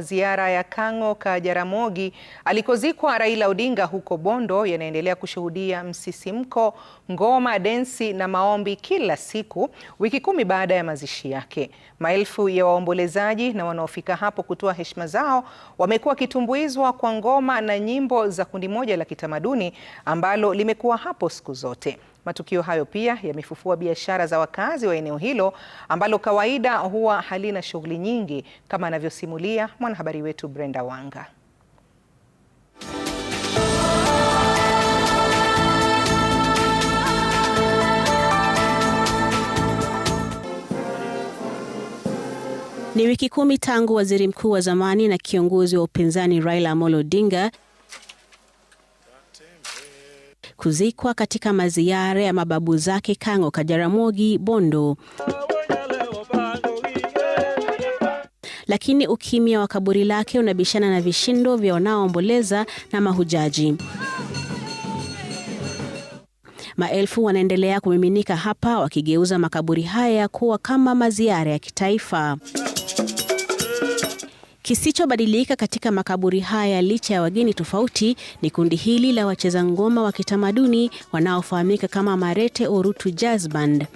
Ziara ya Kang'o ka Jaramogi alikozikwa Raila Odinga huko Bondo yanaendelea kushuhudia msisimko, ngoma, densi na maombi kila siku, wiki kumi baada ya mazishi yake. Maelfu ya waombolezaji na wanaofika hapo kutoa heshima zao wamekuwa wakitumbuizwa kwa ngoma na nyimbo za kundi moja la kitamaduni ambalo limekuwa hapo siku zote. Matukio hayo pia yamefufua biashara za wakazi wa eneo hilo ambalo kawaida huwa halina shughuli nyingi, kama anavyosimulia mwanahabari wetu Brenda Wanga. Ni wiki kumi tangu waziri mkuu wa zamani na kiongozi wa upinzani Raila Amolo Odinga kuzikwa katika maziara ya mababu zake Kang'o Kajaramogi Bondo. Lakini ukimya wa kaburi lake unabishana na vishindo vya wanaoomboleza na mahujaji. Maelfu wanaendelea kumiminika hapa wakigeuza makaburi haya kuwa kama maziara ya kitaifa. Kisichobadilika katika makaburi haya licha ya wageni tofauti ni kundi hili la wacheza ngoma wa kitamaduni wanaofahamika kama Marete Orutu Jazz Band.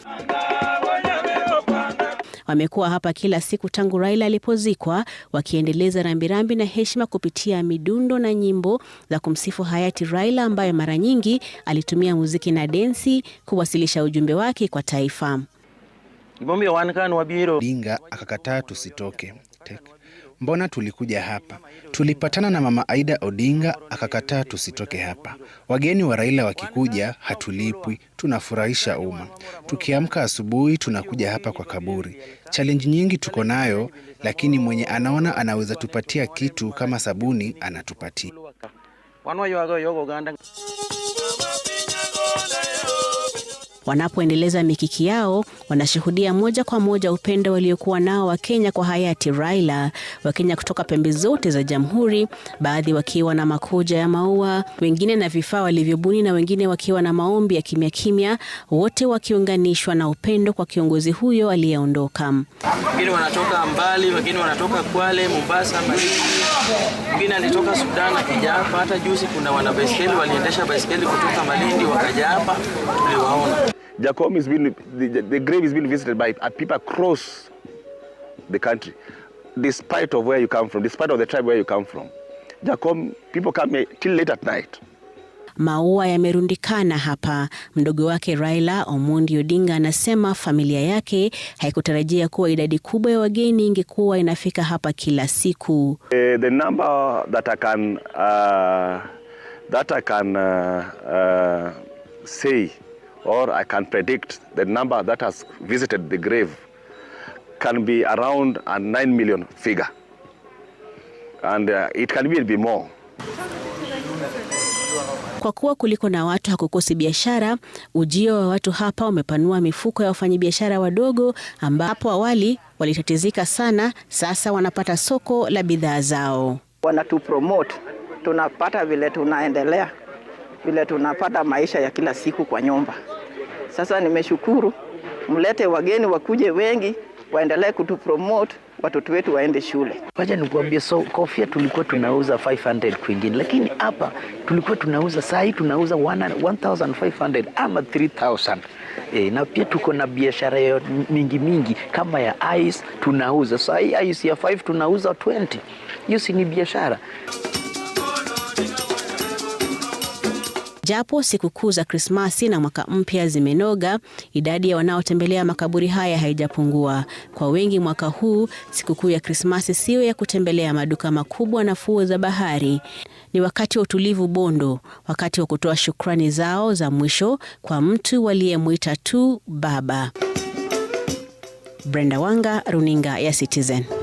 Wamekuwa hapa kila siku tangu Raila alipozikwa, wakiendeleza rambirambi na heshima kupitia midundo na nyimbo za kumsifu hayati Raila, ambaye mara nyingi alitumia muziki na densi kuwasilisha ujumbe wake kwa taifa. Dinga akakataa tusitoke mbona tulikuja hapa? Tulipatana na mama Aida Odinga akakataa tusitoke hapa. Wageni wa Raila wakikuja hatulipwi, tunafurahisha umma. Tukiamka asubuhi tunakuja hapa kwa kaburi. Challenge nyingi tuko nayo, lakini mwenye anaona anaweza tupatia kitu kama sabuni anatupatia. Wanapoendeleza mikiki yao, wanashuhudia moja kwa moja upendo waliokuwa nao Wakenya kwa hayati Raila, Wakenya kutoka pembe zote za Jamhuri, baadhi wakiwa na makuja ya maua, wengine na vifaa walivyobuni, na wengine wakiwa na maombi ya kimya kimya, wote wakiunganishwa na upendo kwa kiongozi huyo aliyeondoka. Wengine wanatoka mbali, wengine wanatoka Kwale, Mombasa, wengine alitoka Sudan akija hapa. Hata juzi kuna wanabaiskeli waliendesha baiskeli kutoka Malindi wakaja hapa, tuliwaona. Jacob is being, the, the grave is being visited by a people across the country, despite of where you come from, despite of the tribe where you come from. Jacob, people come here till late at night. Maua yamerundikana hapa. Mdogo wake Raila Omondi Odinga anasema familia yake haikutarajia kuwa idadi kubwa ya wageni ingekuwa inafika hapa kila siku. Uh, the number that I can, uh, that I can uh, uh, say or I can predict the number that has visited the grave can be around a 9 million figure. And uh, it can even be more. Kwa kuwa kuliko na watu hakukosi biashara, ujio wa watu hapa umepanua mifuko ya wafanyabiashara wadogo ambao hapo awali walitatizika sana, sasa wanapata soko la bidhaa zao. Wanatupromote, tunapata vile tunaendelea, vile tunapata maisha ya kila siku kwa nyumba. Sasa nimeshukuru, mlete wageni wakuje wengi, waendelee kutupromote watoto wetu waende shule. Wacha nikuambie, so kofia tulikuwa tunauza 500 kwingine, lakini hapa tulikuwa tunauza saa hii tunauza 1500 ama 3000. E, eh, na pia tuko na biashara ya mingi mingi kama ya ice tunauza Sasa hii ice ya 5 tunauza 20. Hiyo si ni biashara. Japo sikukuu za Krismasi na mwaka mpya zimenoga, idadi ya wanaotembelea makaburi haya haijapungua. Kwa wengi mwaka huu sikukuu ya Krismasi siyo ya kutembelea maduka makubwa na fuo za bahari. Ni wakati wa utulivu Bondo, wakati wa kutoa shukrani zao za mwisho kwa mtu waliyemwita tu baba. Brenda Wanga, runinga ya Citizen.